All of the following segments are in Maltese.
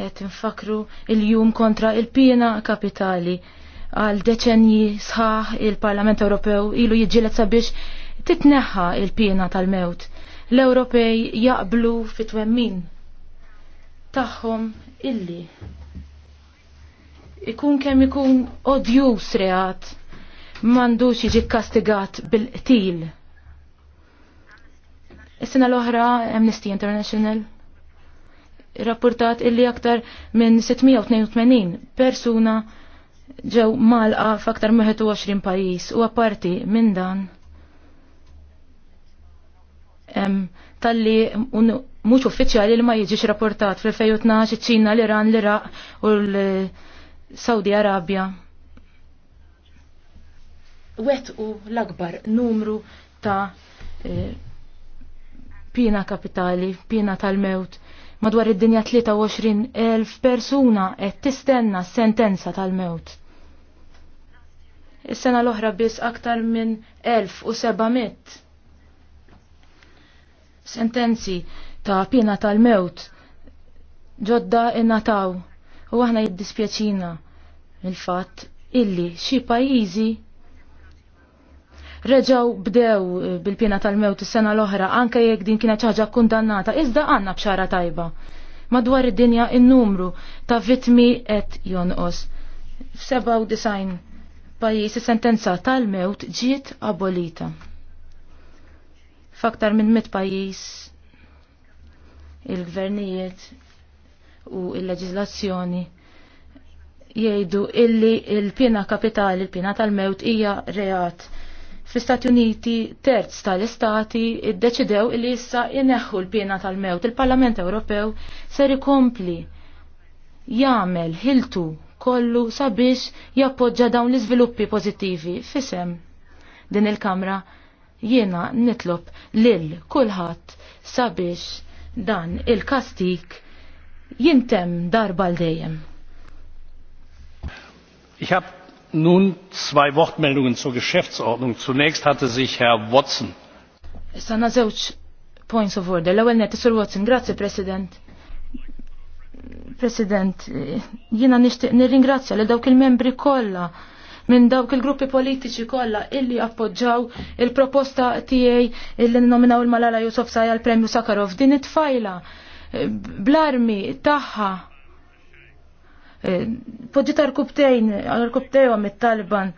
qed infakru il-jum kontra il-pina kapitali għal deċenji sħaħ il-Parlament Ewropew ilu jiġġieled sabiex titneħħa il-pina tal-mewt. L-Ewropej jaqblu fit-twemmin tagħhom illi ikun kemm ikun odjus reat m'għandux jiġi kastigat bil-qtil. Is-sena l-oħra Amnesty International rapportat illi aktar minn 682 persuna ġew malqa f'aktar minn 21 pajjiż u apparti minn dan tal-li mhux uffiċjali li ma jiġix rapportat fl-2012 iċ-Ċina, l-Iran, l-Iraq u l-Saudi Arabja. Wet u l-akbar numru ta' eh, pina kapitali, pina tal-mewt madwar id-dinja 23,000 persuna qed tistenna sentenza tal-mewt. Is-sena l-oħra biss aktar minn 1700. Sentenzi ta' pina tal-mewt ġodda innataw u aħna jiddispjaċina il fatt illi xi pajjiżi reġaw bdew eh, bil-pjena tal-mewt is-sena l-oħra anke jekk din kienet ħaġa kundannata, iżda għandna bxara tajba. Madwar id-dinja in-numru ta' vitmi qed jonqos. F'97 pajjiż is-sentenza tal-mewt ġiet abolita. F'aktar minn mit pajjiż il-gvernijiet u il-leġiżlazzjoni jgħidu illi il-pjena kapitali, il-pjena tal-mewt hija reat Fl-Istati Uniti terz tal-istati iddeċidew li issa ineħħu l-pjena tal-mewt. Il-Parlament Ewropew ser ikompli jagħmel ħiltu kollu sabiex jappoġġa dawn l-iżviluppi pożittivi fisem din il-kamra jiena nitlob lil kulħadd sabiex dan il-kastik jintem darba l dejjem. Ich hab Nun zwei Wortmeldungen zur Geschäftsordnung. Zunächst hatte sich Herr Watson. Sanna żewġ points of order. L-ewwel net Sir Watson, grazzi President. President, jiena nixtieq nirringrazzja li dawk il-membri kollha minn dawk il-gruppi politiċi kollha illi appoġġaw il-proposta tiegħi illi nominaw il-Malala Yusuf Sajja premju Sakharov din it-tfajla eh, Blarmi armi tagħha Poġġiet arkubtejn, arkubtejhom mit taliban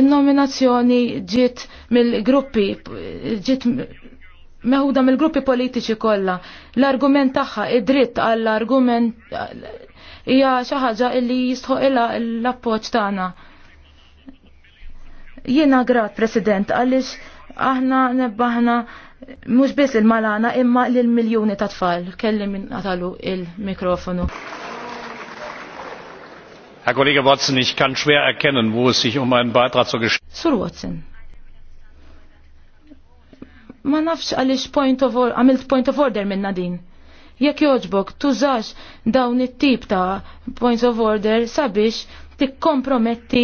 In-nominazzjoni ġiet mill-gruppi, ġiet meħuda mill-gruppi politiċi kollha. L-argument tagħha id-dritt għall-argument hija xi ħaġa li jistħoqilha l-appoġġ tagħna. Jiena grat, President, għaliex aħna nebbaħna mhux biss il-malana imma lil miljuni ta' tfal. Kelli min qatalu il-mikrofonu. Herr Kollege Watson, ich kann schwer erkennen, wo es sich um einen Beitrag zur Geschichte. Sir Watson. Ma nafx għalix point of order, għamilt point of order minna din. Jek joġbok, tużax dawn it-tip ta' point of order sabiex tikkomprometti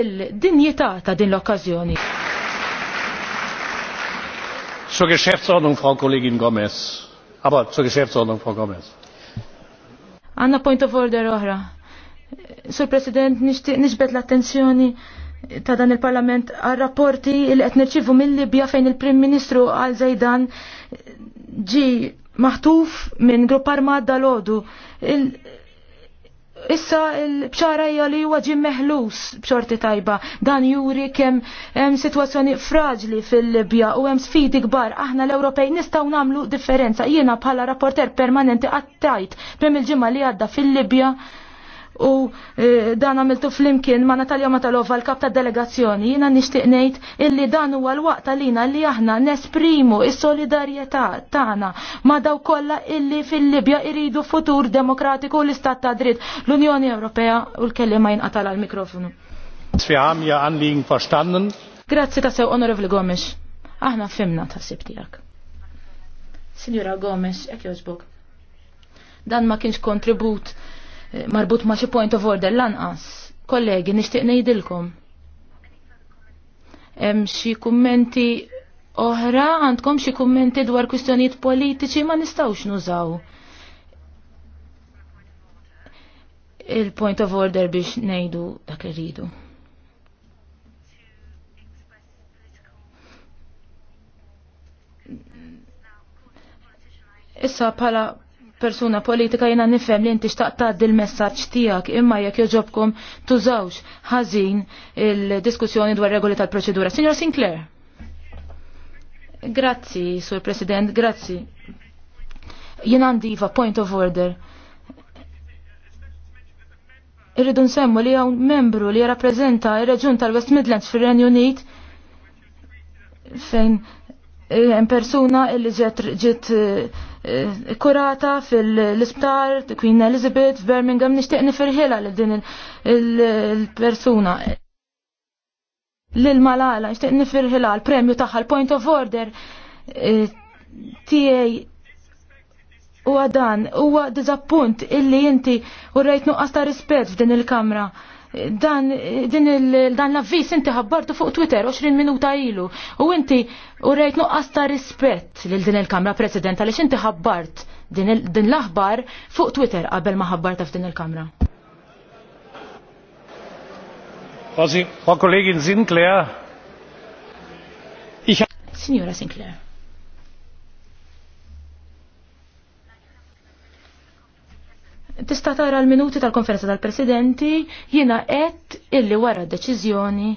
il-dinjità ta' din l-okkazjoni. Zur Geschäftsordnung, Frau Kollegin Gomez. Aber zur Geschäftsordnung, Frau Gomez. Anna point of order oħra. Sur President, nixbet l-attenzjoni ta' dan il-Parlament għal rapporti li qed nirċivu mill-Libja fejn il-Prim Ministru għal Zajdan ġi maħtuf minn grupp armat dal-ħodu. Issa l-bċara hija li huwa ġim meħlus b'xorti tajba. Dan juri kemm hemm sitwazzjoni fraġli fil-Libja u hemm sfidi kbar. Aħna l-Ewropej nistgħu nagħmlu differenza. Jiena bħala rapporter permanenti għattajt prim il-ġimgħa li għadda fil-Libja u e, dan għamiltu flimkien ma' Natalja Matalova l-kap ta' delegazzjoni jina nishtiqnejt ngħid illi dan huwa l-waqt għalina li aħna nesprimu is-solidarjetà tagħna ma' daw kollha illi fil-Libja iridu futur demokratiku u l-istat ta' dritt l-Unjoni Ewropea u l-kellima jinqatal għal mikrofonu. Grazzi ta' sew Onorevli Gomes. Aħna femna ta' sib tiegħek. Signora Gomes, ek Dan ma kienx kontribut marbut ma' xi point of order lanqas. Kollegi, nixtieq ngħidilkom. Hemm xi kummenti oħra għandkom xi kummenti dwar kwistjonijiet politiċi ma nistgħux nużaw. il-point of order biex ngħidu dak irridu. Issa pala persuna politika jena nifhem li inti xtaqt tgħaddi l tijak tiegħek imma jekk joġobkom tużawx ħażin il-diskussjoni dwar regoli tal-proċedura. Signor Sinclair. Grazzi, Sur President, grazzi. Jien għandi iva point of order. Irridu nsemmu li hawn membru li jirrappreżenta il reġjun tal-West Midlands fir-Renju Unit fejn eh, hemm persuna li ġiet eh, Eh, kurata fil-isptar Queen Elizabeth Birmingham nixtieq nifirħilha lil din il-persuna. Lil Malala nixtieq nifirħilha l-premju tagħha l-point of order eh, tiegħi u għadan huwa diżappunt illi inti u rejt nuqqas ta' rispett f'din il-kamra dan, din il, dan l avviz inti ħabbartu fuq Twitter 20 minuta ilu u inti u rejt nuqqas ta' rispett lil din il-Kamra President għaliex inti ħabbart din, din l-aħbar fuq Twitter qabel ma ħabbarta f'din il-Kamra. ma Kollegin Sinclair, ich Signora Sinclair. Tista' tara l-minuti tal-konferenza tal-presidenti jiena qed illi wara d-deċiżjoni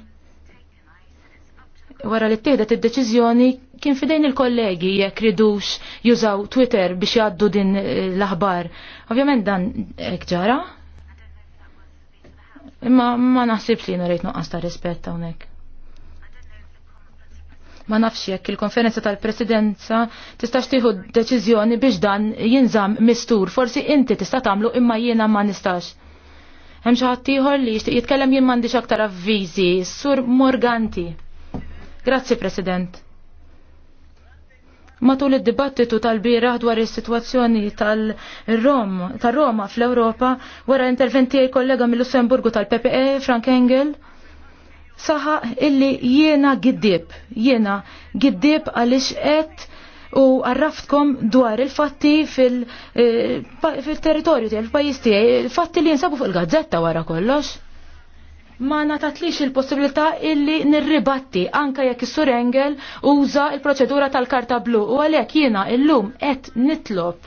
wara li ttieħdet id-deċiżjoni kien fidejn il-kollegi jekk ridux jużaw Twitter biex jgħaddu din eh, l-aħbar. Ovvjament dan hekk ġara. Imma ma naħsibx li narejt nuqqas ta' rispett hawnhekk. Ma nafx jekk il-konferenza tal-presidenza tistax tieħu deċiżjoni biex dan jinżam mistur. Forsi inti tista' tagħmlu imma jiena ma nistax. Hemm xi ħadd ieħor li jixtieq jitkellem jien m'għandix aktar avviżi. Sur Morganti. Grazzi President. Matul id-dibattitu tal-biraħ dwar is-sitwazzjoni tal-Rom, tal-Roma fl-Ewropa, wara interventi kollega mill-Lussemburgu tal-PPE, Frank Engel, saħa illi jiena giddib, jiena giddib għalix qed u għarraftkom dwar il-fatti eh, fil-territorju tiegħi, fil-pajjiż tiegħi, il-fatti li jinsabu fil gazzetta wara kollox. Ma natatlix il-possibilità illi nirribatti anka jekk is-sur Engel uża il-proċedura tal-karta blu u għalhekk jiena illum qed nitlob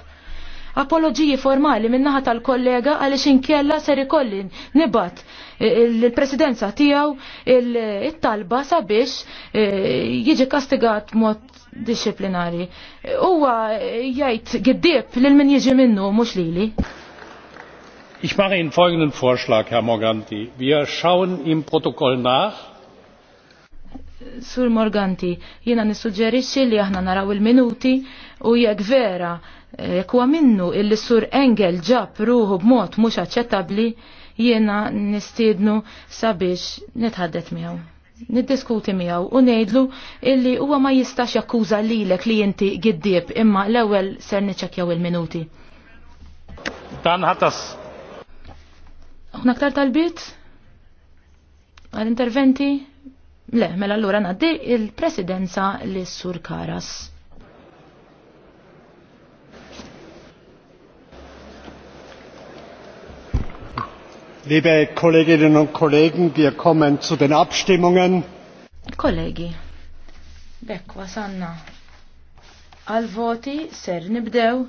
apologiji formali minnaħa tal-kollega għaliex inkella ser ikolli nibat eh, il-presidenza tiegħu il-talba sabiex eh, jiġi kastigat mod disciplinari. Huwa eh, jgħid giddieb lil min jiġi minnu mhux lili. Ich mache Ihnen folgenden Vorschlag, Herr Morganti. Wir schauen im Protokoll nach, Sur Morganti, jiena nissuġġerixxi li aħna naraw il-minuti u jekk vera jekk huwa minnu illi sur Engel ġab ruħu b'mod mhux aċċettabbli jiena nistiednu sabiex nitħaddet miegħu. Niddiskuti miegħu u ngħidlu illi huwa ma jistax jakkuża lilek li inti giddieb imma l-ewwel ser niċċekkjaw il-minuti. Dan ħatas. Aħna aktar tal-bit? Għal-interventi? Le, mela allura naddi il-presidenza li sur Karas. Liebe Kolleginnen und Kollegen, wir kommen zu den Abstimmungen. Kollegi, bekwa sanna. Al voti ser nibdew